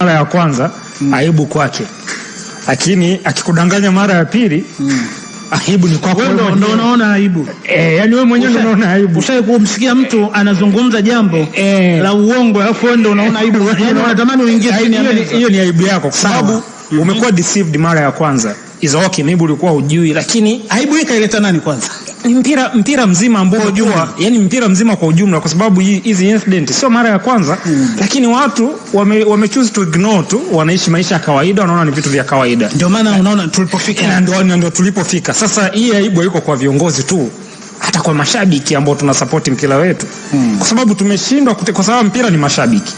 mara ya kwanza mm. aibu kwake, lakini akikudanganya mara ya pili mm. aibu ni kwako wewe, ndio unaona aibu eh, yani wewe mwenyewe ndio unaona aibu. Ushawahi kumsikia mtu eh. anazungumza jambo e, e, la uongo alafu wewe ndio unaona aibu, Yani unatamani uingie chini ya meza? Hiyo ni aibu yako kwa sababu mm-hmm. umekuwa deceived mara ya kwanza. Is okay, maybe ulikuwa hujui, lakini aibu ikaileta nani kwanza? mpira mpira mzima ambao unajua, yani mpira mzima kwa ujumla, kwa sababu hizi incident sio mara ya kwanza mm. Lakini watu wame, wame choose to ignore tu, wanaishi maisha ya kawaida, wanaona ni vitu vya kawaida. Ndio maana unaona tulipofika, eh, ndio ndio tulipofika sasa. Hii aibu iko kwa viongozi tu hata kwa mashabiki ambao tunasapoti mpira wetu mm. Kwa sababu tumeshindwa, kwa sababu mpira ni mashabiki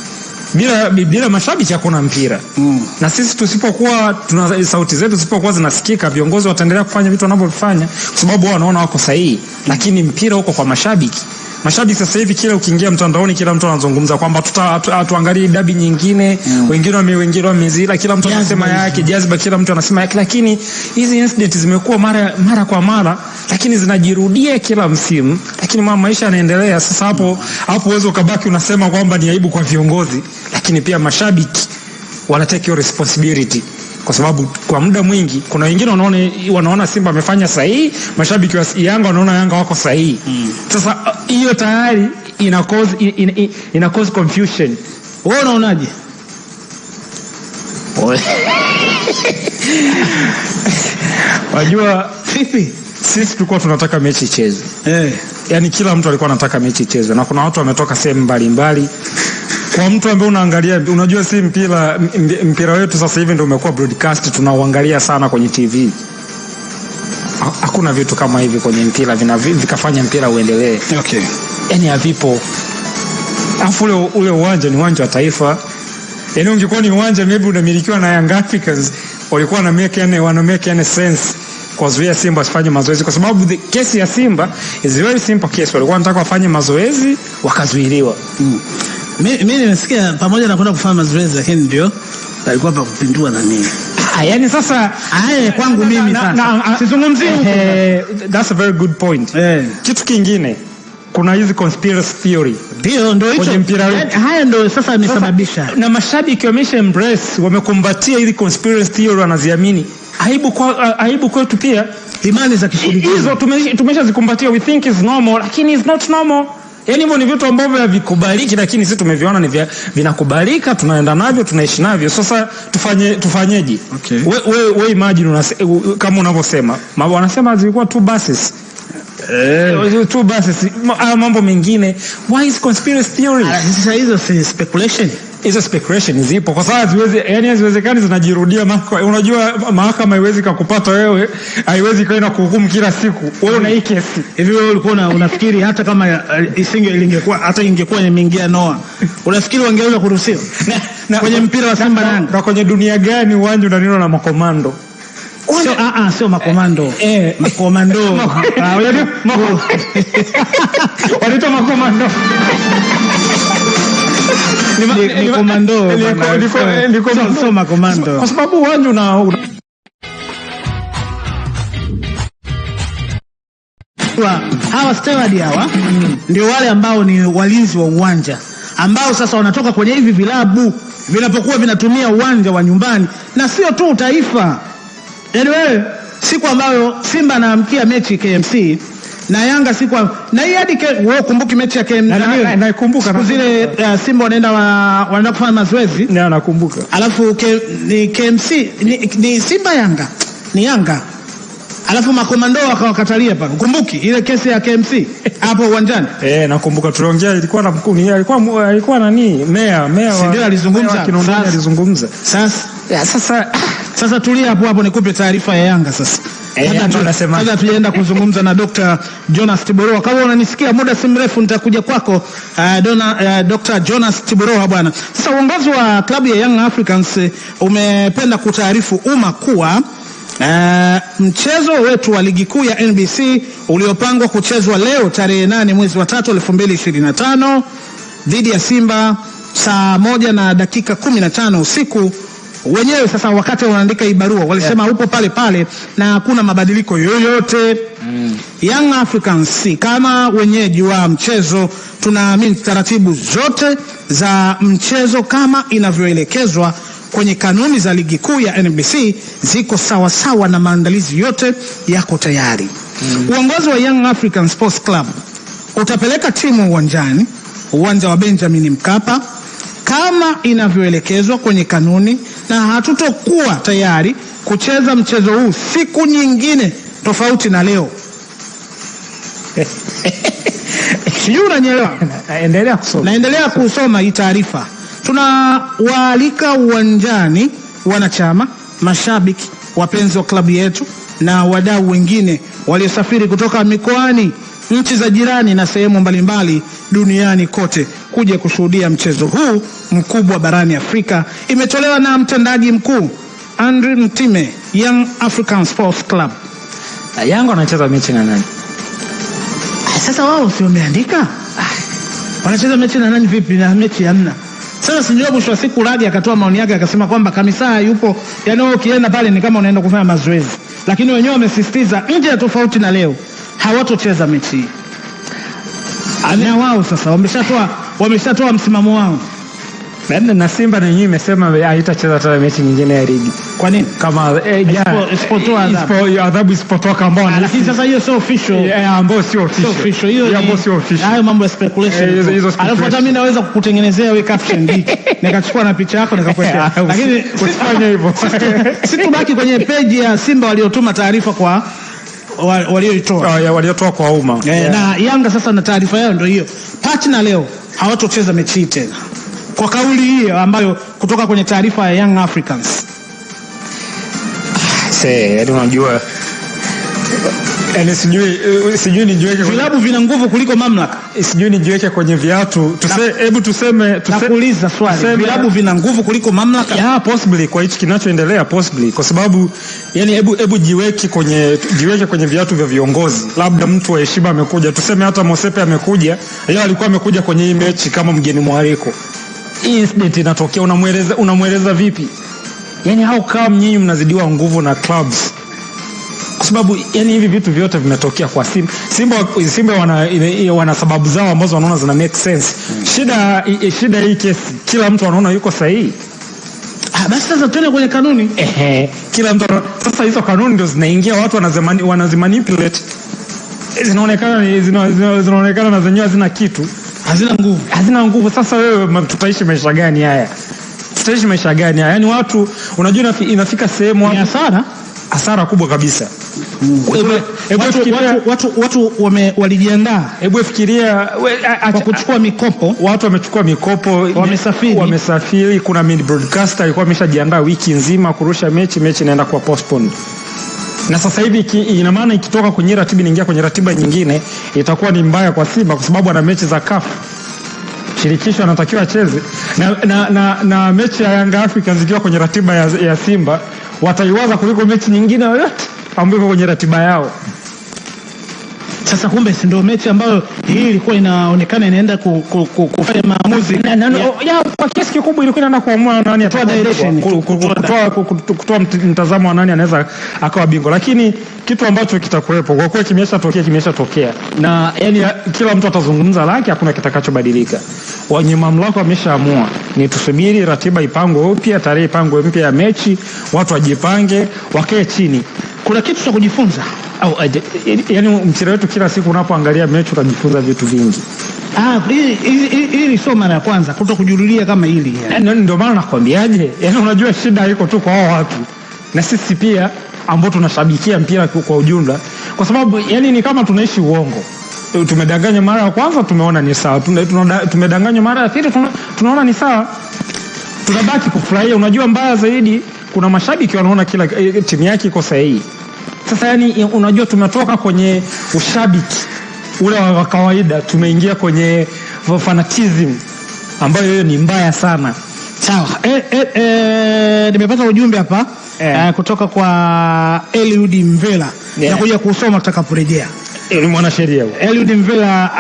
bila, bila mashabiki hakuna mpira mm. Na sisi tusipokuwa tuna sauti zetu zisipokuwa zinasikika, viongozi wataendelea kufanya vitu wanavyofanya kwa sababu wao wanaona wako sahihi, mm. lakini mpira huko kwa mashabiki. Mashabiki sasa hivi kila ukiingia mtandaoni, kila mtu anazungumza kwamba tuangalie dabi nyingine mm. Wengine wame wengine wamezila, kila mtu anasema yake jazba, kila mtu anasema yake, lakini hizi incident zimekuwa mara mara kwa mara, lakini zinajirudia kila msimu, lakini maisha yanaendelea. Sasa hapo hapo mm. uwezo ukabaki unasema kwamba ni aibu kwa viongozi lakini pia mashabiki your responsibility kwa sababu kwa muda mwingi kuna wengine wanaona wanaona Simba amefanya sahihi, mashabiki wa Yanga wanaona Yanga wako sahihi. Hmm. Sasa hiyo tayari ina cause ina cause confusion. Wewe unaonaje? Wajua sisi Sisi tulikuwa tunataka mechi ichezwe eh, yani kila mtu alikuwa anataka mechi ichezwe, na kuna watu wametoka sehemu mbalimbali kwa mtu ambaye unaangalia, unajua si mpira, mpira wetu sasa hivi ndio umekuwa broadcast, tunauangalia sana kwenye TV. Hakuna vitu kama hivi kwenye mpira vikafanya mpira uendelee, okay. Yani havipo, afu ule ule uwanja ni uwanja wa taifa. Yani ungekuwa ni uwanja maybe unamilikiwa na Young Africans, walikuwa na make any, wana make any sense kuwazuia Simba wasifanye mazoezi, kwa sababu the case ya Simba is very simple case. Walikuwa wanataka wafanye mazoezi wakazuiliwa, mm. Mimi nimesikia pamoja na kwenda kufanya mazoezi, lakini ndio alikuwa pa kupindua na nini. Ah, yani sasa aye kwangu mimi sasa ah, Sizungumzi huko. That's a very good point. Eh. Kitu kingine kuna hizi conspiracy theory ndio ndio hicho mpira haya ndio sasa yamesababisha, na mashabiki wamesha embrace, wamekumbatia hizi conspiracy theory wanaziamini. Aibu kwa ah, aibu kwetu pia, imani za kishirikina hizo tumeshazikumbatia, we think is normal, lakini is not normal. Yaani hivyo ni vitu ambavyo havikubaliki, lakini sisi tumeviona ni vya, vinakubalika, tunaenda navyo, tunaishi navyo. Sasa tufanye tufanyeje? Okay. We, we, we imagine unase, kama unavyosema wanasema zilikuwa two buses Eh, two buses, mambo mengine. Why is conspiracy theory? Sasa hizo si speculation hizo speculation zipo kwa sababu haziwezi, yani haziwezekani zinajirudia. Unajua mahakama haiwezi kukupata wewe, haiwezi kwenda kuhukumu kila siku wewe una hii kesi hivi. Wewe ulikuwa unafikiri hata kama eh, isinge ilingekuwa hata ingekuwa imeingia noa, unafikiri wangeweza kuruhusiwa na, kwenye mpira wa Simba Yanga? Na kwenye dunia gani uwanja unanena na makomando? Sio, a ah, a ah, sio makomando, eh, eh. makomando ah, wanaitwa makomando kwa sababu hawa steward hawa ndio wale ambao ni walinzi wa uwanja ambao sasa wanatoka kwenye hivi vilabu vinapokuwa vinatumia uwanja wa nyumbani, na sio tu taifa. Yaani wewe siku ambayo Simba anaamkia mechi KMC na Yanga siku na hii hadi wewe ukumbuki mechi ya KMC na naikumbuka na zile uh, Simba wanaenda wa, wanaenda kufanya mazoezi na nakumbuka, alafu ke, ni KMC ni, ni Simba Yanga ni Yanga, alafu makomando wakawakatalia pale, ukumbuki ile kesi ya KMC hapo uwanjani eh, nakumbuka tuliongea, ilikuwa na mkuu alikuwa alikuwa nani, mea, si ndio alizungumza, alizungumza sasa sasa sasa, tulia hapo hapo, nikupe taarifa ya Yanga sasa Kabla eh, tujaenda kuzungumza na Dr. Jonas Tiboroa, kama unanisikia, muda si mrefu nitakuja kwako. Uh, dona, uh, ah, Dr. Jonas Tiboroa bwana, sasa uongozi wa klabu ya Young Africans eh, umependa kutaarifu umma kuwa Uh, mchezo wetu wa ligi kuu ya NBC uliopangwa kuchezwa leo tarehe nane mwezi wa 3 2025 dhidi ya Simba saa moja na dakika 15 usiku wenyewe sasa wakati wanaandika hii barua walisema yeah, upo pale pale na hakuna mabadiliko yoyote mm. Young Africans kama wenyeji wa mchezo tunaamini taratibu zote za mchezo kama inavyoelekezwa kwenye kanuni za ligi kuu ya NBC ziko sawa sawa na maandalizi yote yako tayari mm. Uongozi wa Young African Sports Club utapeleka timu uwanjani, uwanja wa Benjamin Mkapa kama inavyoelekezwa kwenye kanuni na hatutokuwa tayari kucheza mchezo huu siku nyingine tofauti na leo. Sijui unanielewa? Naendelea kusoma, naendelea kusoma hii taarifa. Tunawaalika uwanjani wanachama, mashabiki, wapenzi wa klabu yetu na wadau wengine waliosafiri kutoka mikoani nchi za jirani na sehemu mbalimbali duniani kote kuja kushuhudia mchezo huu mkubwa barani Afrika. Imetolewa na mtendaji mkuu Andre Mtime, Young African Sports Club. Yango anacheza mechi na nani? Sasa wao si wameandika wanacheza mechi na nani? Vipi na mechi hamna? Sasa sindio, mwisho wa siku Radi akatoa maoni yake akasema kwamba kamisa yupo, yani wewe ukienda pale ni kama unaenda kufanya mazoezi, lakini wenyewe wamesisitiza nje ya tofauti na leo hawatocheza mechi hii na wao sasa wameshatoa wameshatoa msimamo wao na Simba na yenyewe imesema haitacheza tena mechi nyingine ya ligi. Kwa nini? Kama isipotoa eh, eh, adhabu Isipo adhabu isipotoa ambao ah, lakini sasa hiyo sio official, Eh, eh ambao sio official, Sio official. hiyo ambao sio official, hayo mambo ya speculation. Alafu hata mimi naweza kukutengenezea wewe caption hii. nikachukua na picha yako nikakuwekea, ah, lakini usifanye hivyo. Situbaki kwenye page ya Simba waliotuma taarifa kwa walioitoa ah, waliotoa kwa umma e, yeah. Na Yanga sasa na taarifa yao ndio hiyo partner, leo hawatocheza mechi hii tena kwa kauli hiyo ambayo kutoka kwenye taarifa ya Young Africans. Yaani unajua Yaani sijui eh, sijui nijiweke vilabu vina nguvu kuliko mamlaka. Eh, sijui nijiweke kwenye viatu. Tuse hebu tuseme tuse, tukuuliza swali. Vilabu vina nguvu kuliko mamlaka? ya, possibly kwa hichi kinachoendelea possibly kwa sababu yani hebu hebu jiweke kwenye jiweke kwenye viatu vya viongozi. Labda mtu wa heshima amekuja. Tuseme hata Mosepe amekuja. Yeye alikuwa amekuja kwenye hii mechi kama mgeni mwaliko. Hii incident inatokea, unamweleza unamweleza vipi? Yani how come nyinyi mnazidiwa nguvu na clubs? kwa sababu yani hivi vitu vyote vimetokea kwa Simba. Simba, Simba wana, wana sababu zao ambazo wanaona zina make sense. mm. Shida, shida hii kesi kila mtu anaona yuko sahihi. Ah, basi sasa tena kwenye kanuni ehe, kila mtu sasa, hizo kanuni ndio zinaingia, watu wanazimani, wanazimanipulate, zinaonekana zinaonekana na zenyewe hazina kitu, hazina nguvu, hazina nguvu. Sasa wewe tutaishi maisha gani haya? Tutaishi maisha gani haya? Yani watu, unajua inafika sehemu watu sana hasara kubwa kabisa. Watu walijiandaa, hebu fikiria kwa kuchukua mikopo, watu wamechukua mikopo, wamesafiri, wamesafiri. Kuna mini broadcaster alikuwa ameshajiandaa wiki nzima kurusha mechi, mechi inaenda kwa postpone na sasa hivi ina maana ikitoka kwenye ratiba inaingia kwenye ratiba nyingine itakuwa ni mbaya kwa Simba kwa sababu ana mechi za kafu shirikisho anatakiwa acheze na, na, na, na mechi ya Young Africans zikiwa kwenye ratiba ya, ya Simba wataiwaza kuliko mechi nyingine yoyote ambayo iko kwenye ratiba yao. Sasa kumbe si ndio mechi ambayo hii ilikuwa inaonekana inaenda ku, ku, ku, kufanya maamuzi na, na, yeah. Ya, kwa kiasi kikubwa ilikuwa inaenda kuamua nani kutoa kutoa mtazamo wa nani anaweza akawa bingwa, lakini kitu ambacho kitakuwepo kwa kuwa kimesha tokea kimesha tokea, na yani kila mtu atazungumza lake, hakuna kitakachobadilika. Wenye mamlaka wameshaamua, ni tusubiri ratiba ipangwe upya, tarehe ipangwe mpya ya mechi, watu wajipange, wakae chini. Kuna kitu cha kujifunza au aje. Eh, eh, yaani mpira wetu kila siku unapoangalia mechi utajifunza vitu vingi. Ah, hili sio mara ya kwanza kuto kujurulia kama hili. Eh, ndio maana nakwambiaje, yaani unajua shida iko tu kwa hao watu na sisi pia ambao tunashabikia mpira kwa ujumla, kwa sababu yani ni kama tunaishi uongo. Tumedanganywa mara ya kwanza, tumeona ni sawa. Tumedanganywa mara ya pili, tunaona ni sawa. Tunabaki kufurahia. Unajua, mbaya zaidi, kuna mashabiki wanaona kila timu yake iko sahihi sasa, yani unajua tumetoka kwenye ushabiki ule wa kawaida, tumeingia kwenye fanatism ambayo hiyo ni mbaya sana. Sawa, e, e, e, nimepata ujumbe hapa yeah. Uh, kutoka kwa Eliud Mvela yeah. Nakuja kusoma tutakaporejea. Ni mwanasheria huyo Eliud Mvela.